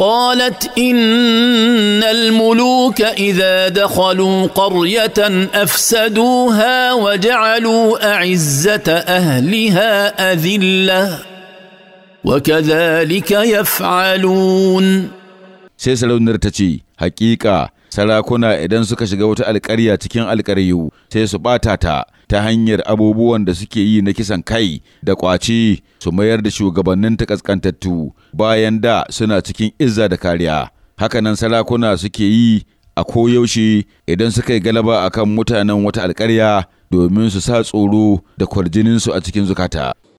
قالت ان الملوك اذا دخلوا قريه افسدوها وجعلوا اعزه اهلها اذله وكذلك يفعلون سيسلون نرتشي حقيقه سراكونا اذا سكشغوت الكريه تكين الكريو باتاتا ta hanyar abubuwan da suke yi na kisan kai da ƙwace su mayar da shugabannin ta bayan da suna cikin izza da kariya. Hakanan sarakuna suke yi a koyaushe idan suka yi galaba akan mutanen wata alƙarya domin su sa tsoro da kwarjininsu a cikin zukata.